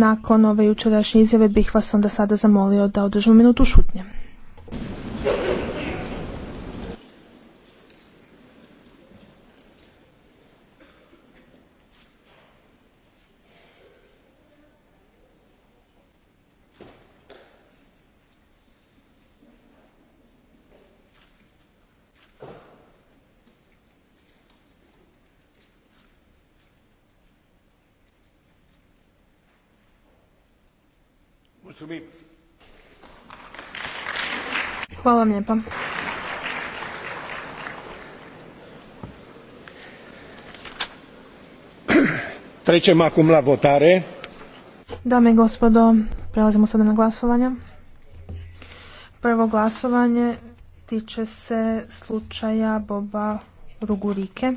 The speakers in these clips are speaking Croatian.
Nakon ove jučerašnje izjave bih vas onda sada zamolio da održimo minutu šutnje. Hvala vam lijepa. la votare. Dame i gospodo, prelazimo sada na glasovanje. Prvo glasovanje tiče se slučaja Boba Rugurike.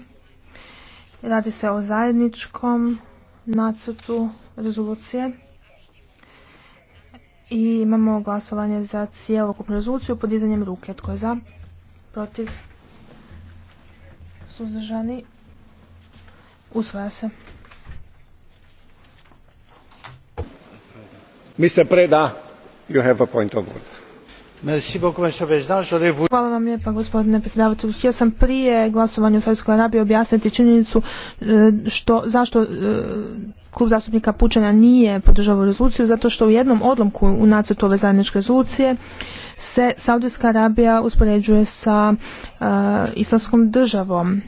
Radi se o zajedničkom nacrtu rezolucije i imamo glasovanje za cijelokupnu rezoluciju podizanjem ruke. Tko je za? Protiv? Suzdržani? Usvaja se. Mr. Preda, you have a point of order. Hvala vam lijepa gospodine predsjedavatelju. Htio sam prije glasovanja u Saudijskoj Arabiji objasniti činjenicu e, što, zašto e, klub zastupnika Pučana nije ovu rezoluciju, zato što u jednom odlomku u nacrtu ove zajedničke rezolucije se Saudijska Arabija uspoređuje sa e, islamskom državom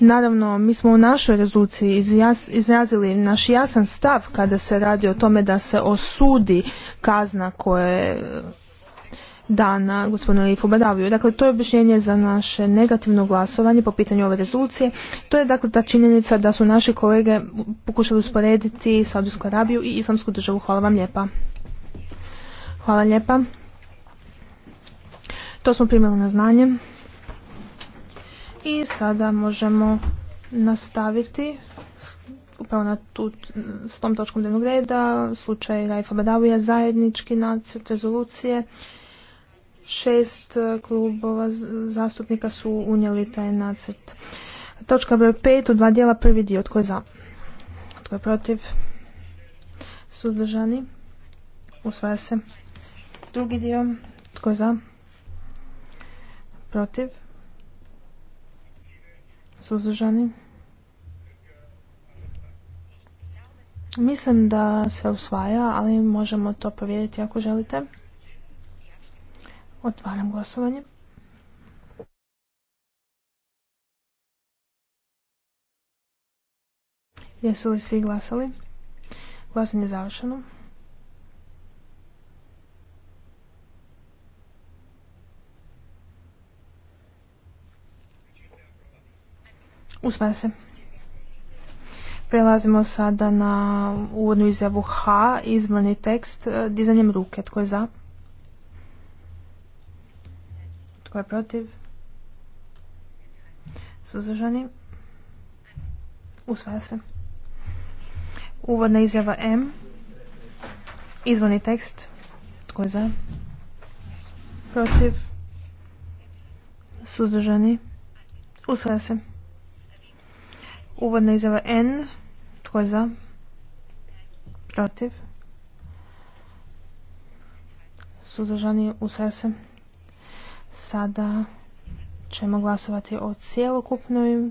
Naravno, mi smo u našoj rezoluciji izrazili naš jasan stav kada se radi o tome da se osudi kazna koja je dana gospodinu Lifu Badaviju. Dakle, to je objašnjenje za naše negativno glasovanje po pitanju ove rezolucije. To je dakle ta činjenica da su naši kolege pokušali usporediti Saudijsku Arabiju i Islamsku državu. Hvala vam lijepa. Hvala lijepa. To smo primjeli na znanje. I sada možemo nastaviti upravo s tom točkom dnevnog reda, slučaj Rajfa Badavija, zajednički nacrt rezolucije. Šest e, klubova zastupnika su unijeli taj nacrt. Točka broj pet u dva dijela, prvi dio, tko je za? Tko je protiv? Suzdržani? Usvaja se. Drugi dio, tko je za? Protiv? Suzdržani? Mislim da se usvaja, ali možemo to provjeriti ako želite. Otvaram glasovanje. Jesu li svi glasali? Glasanje je završeno. Usvaja se. Prelazimo sada na uvodnu izjavu H, izvorni tekst, e, dizanjem ruke. Tko je za? Tko je protiv? Suzdržani? Usvaja se. Uvodna izjava M, izvorni tekst. Tko je za? Protiv? Suzdržani? Usvaja se. Uvodna izjava N. Tko je za? Protiv? Suzdržani u se. Sada ćemo glasovati o cijelokupnoj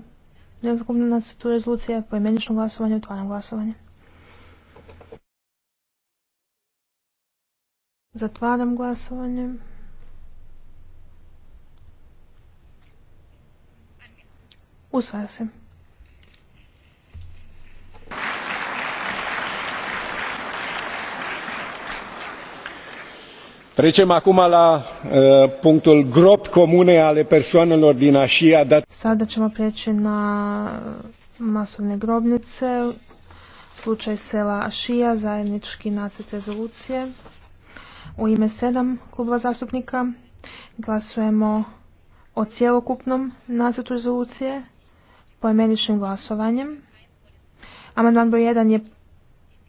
nezakupnoj nacitu rezolucije. Poimenično glasovanje, otvaram glasovanje. Zatvaram glasovanje. Usvaja se. Trecem acum la e, punctul grop comune ale persoanelor din Asia. Dat... Sada ćemo prijeći na masovne grobnice, slučaj sela Ašija, zajednički nacrt rezolucije. U ime sedam klubova zastupnika glasujemo o cjelokupnom nacrtu rezolucije poimeničnim glasovanjem. Amandman broj 1 je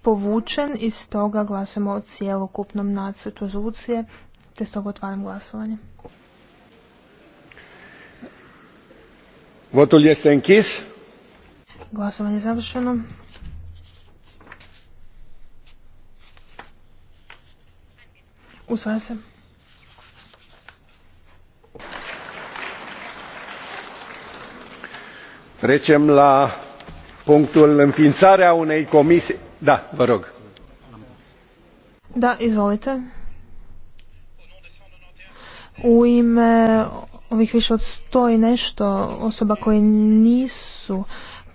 povučen i toga glasujemo o cijelokupnom nacrtu rezolucije te stoga otvaram glasovanje. Glasovanje je završeno. Usvaja se. la punctul înființarea unei comisii da vă rog da izvolite u ime ovih više od sto i nešto osoba koji nisu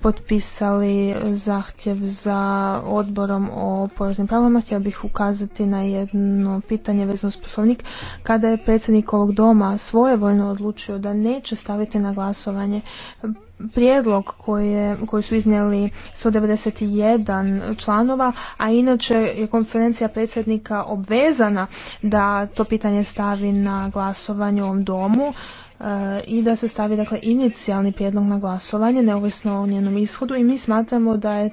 potpisali zahtjev za odborom o poreznim pravima. Htjela bih ukazati na jedno pitanje vezano s poslovnik. Kada je predsjednik ovog doma svojevoljno odlučio da neće staviti na glasovanje prijedlog koje, koji su iznijeli 191 članova, a inače je konferencija predsjednika obvezana da to pitanje stavi na glasovanje u ovom domu, E, i da se stavi dakle inicijalni prijedlog na glasovanje neovisno o njenom ishodu i mi smatramo da je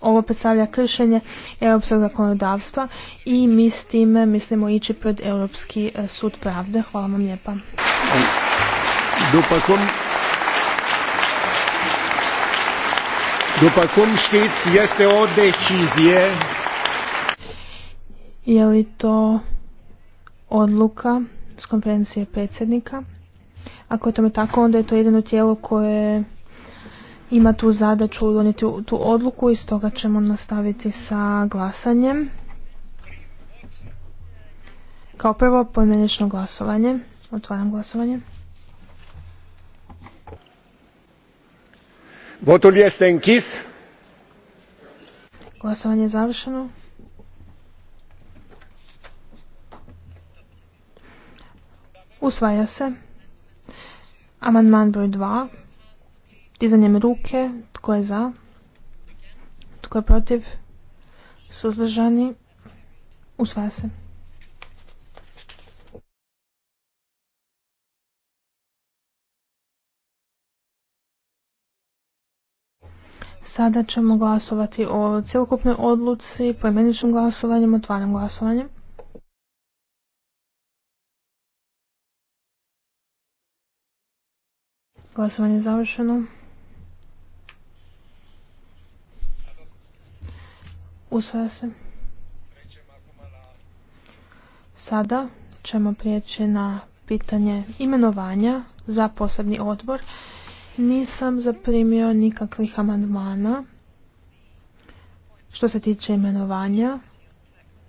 ovo predstavlja kršenje europskog zakonodavstva i mi s time mislimo ići pred Europski e, sud pravde. Hvala vam lijepa. Je li to odluka s konferencije predsjednika? Ako je tome tako, onda je to jedino tijelo koje ima tu zadaću donijeti tu odluku i stoga ćemo nastaviti sa glasanjem. Kao prvo poimenično glasovanje. Otvaram glasovanje. Glasovanje je završeno. Usvaja se. Amandman broj 2. Dizanjem ruke. Tko je za? Tko je protiv? Suzdržani? Usvaja se. Sada ćemo glasovati o cjelokupnoj odluci, poimeničnom glasovanjem, otvaram glasovanjem. Glasovanje je završeno. Usvaja se. Sada ćemo prijeći na pitanje imenovanja za posebni odbor. Nisam zaprimio nikakvih amandmana što se tiče imenovanja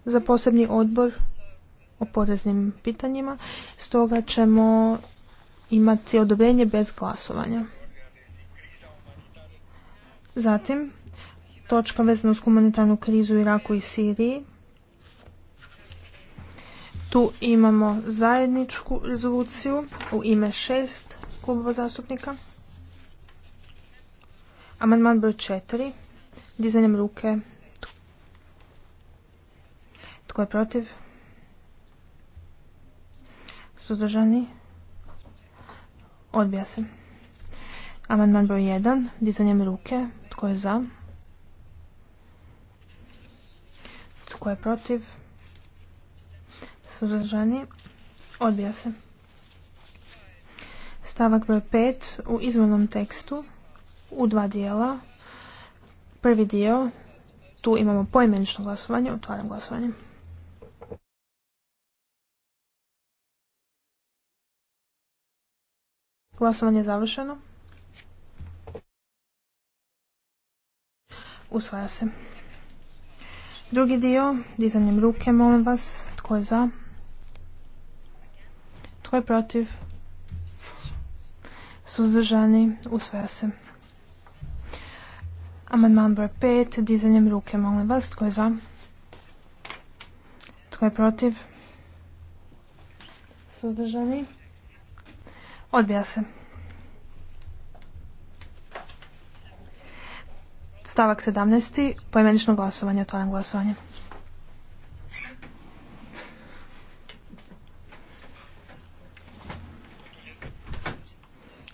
za posebni odbor o poreznim pitanjima. Stoga ćemo imati odobrenje bez glasovanja. Zatim, točka vezana uz humanitarnu krizu u Iraku i Siriji. Tu imamo zajedničku rezoluciju u ime šest klubova zastupnika. Amandman broj četiri. Dizanjem ruke. Tko je protiv? Suzdržani? Odbija se. Amandman broj 1. Dizanjem ruke. Tko je za? Tko je protiv? Suzdržani. Odbija se. Stavak broj 5. U izvornom tekstu. U dva dijela. Prvi dio. Tu imamo poimenično glasovanje. Otvaram glasovanje. Glasovanje je završeno. Usvaja se. Drugi dio, dizanjem ruke, molim vas, tko je za? Tko je protiv? Suzdržani, usvaja se. Amandman broj 5, dizanjem ruke, molim vas, tko je za? Tko je protiv? Suzdržani, Odbija se. Stavak 17. Pojmenično glasovanje. Otvaram glasovanje.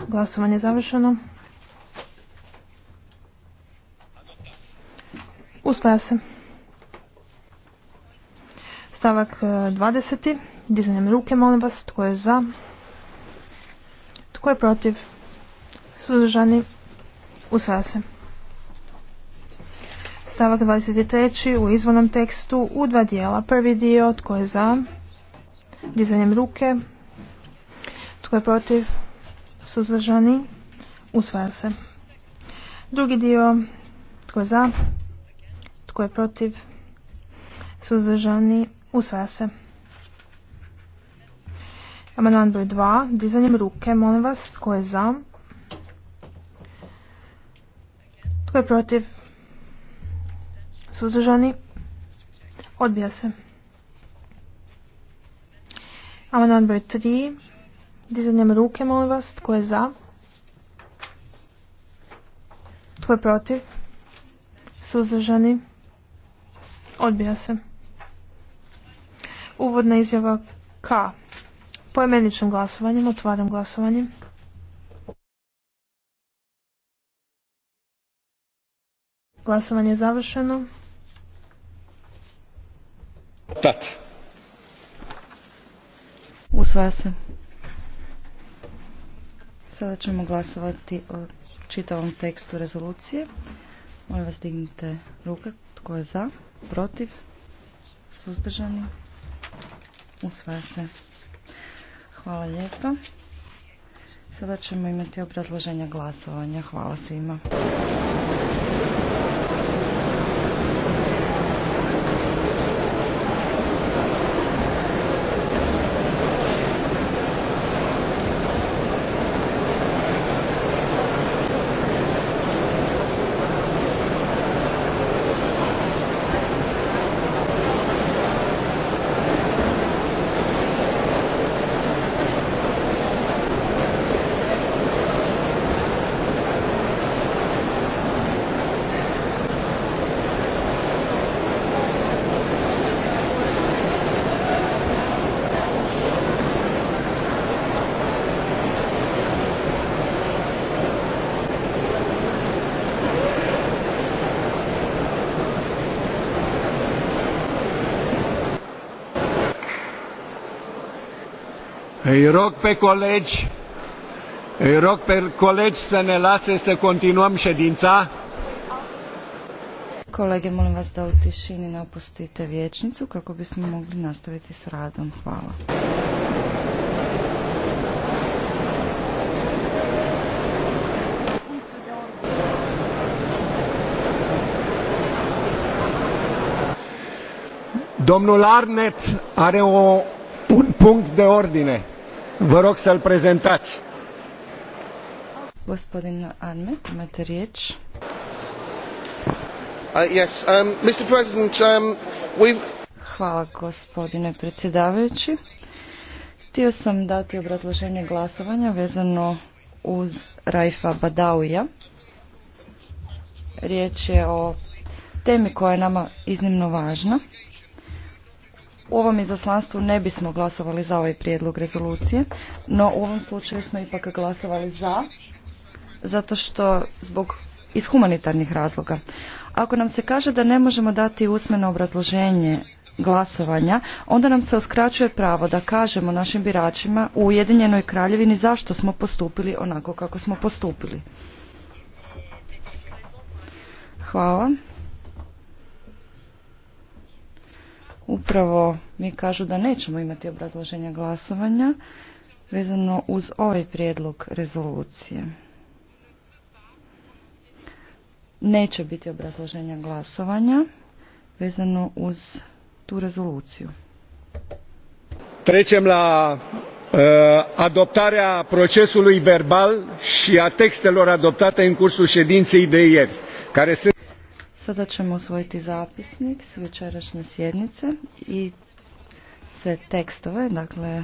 Glasovanje je završeno. Usvaja se. Stavak 20. E, Dizanjem ruke, molim vas, tko je za? Tko je protiv? Suzdržani? Usvaja se. Stavak 23. u izvornom tekstu u dva dijela. Prvi dio, tko je za? Dizanjem ruke. Tko je protiv? Suzdržani? Usvaja se. Drugi dio, tko je za? Tko je protiv? Suzdržani? Usvaja se. Amandman broj 2. Dizanjem ruke. Molim vas, tko je za? Tko je protiv? Suzdržani? Odbija se. Amandman broj 3. Dizanjem ruke, molim vas, tko je za? Tko je protiv? Suzdržani? Odbija se. Uvodna izjava K. Poimeničnim glasovanjem otvaram glasovanje. Glasovanje je završeno. Tat. Usvaja se. Sada ćemo glasovati o čitavom tekstu rezolucije. Molim vas dignite ruke. Tko je za? Protiv? Suzdržani? Usvaja se. Hvala lijepa. Sada ćemo imati obrazloženje glasovanja. Hvala svima. Îi rog pe colegi, îi rog pe colegi să ne lase să continuăm ședința. Kolege, molim vas da u tišini napustite vječnicu kako bismo mogli nastaviti s radom. Hvala. Domnul Arnet are o, un punct de ordine. Vă rog să prezentați. riječ. Uh, yes, um, um, Hvala gospodine predsjedavajući. Htio sam dati obrazloženje glasovanja vezano uz Raifa Badauja. Riječ je o temi koja je nama iznimno važna u ovom izaslanstvu ne bismo glasovali za ovaj prijedlog rezolucije, no u ovom slučaju smo ipak glasovali za, zato što zbog iz humanitarnih razloga. Ako nam se kaže da ne možemo dati usmeno obrazloženje glasovanja, onda nam se uskraćuje pravo da kažemo našim biračima u Ujedinjenoj kraljevini zašto smo postupili onako kako smo postupili. Hvala. upravo mi kažu da nećemo imati obrazloženja glasovanja vezano uz ovaj prijedlog rezolucije. Neće biti obrazloženja glasovanja vezano uz tu rezoluciju. Trećem la e, adoptarea procesului verbal și a textelor adoptate în cursul ședinței de ieri, care Sada ćemo usvojiti zapisnik s večerašnje sjednice i sve tekstove, dakle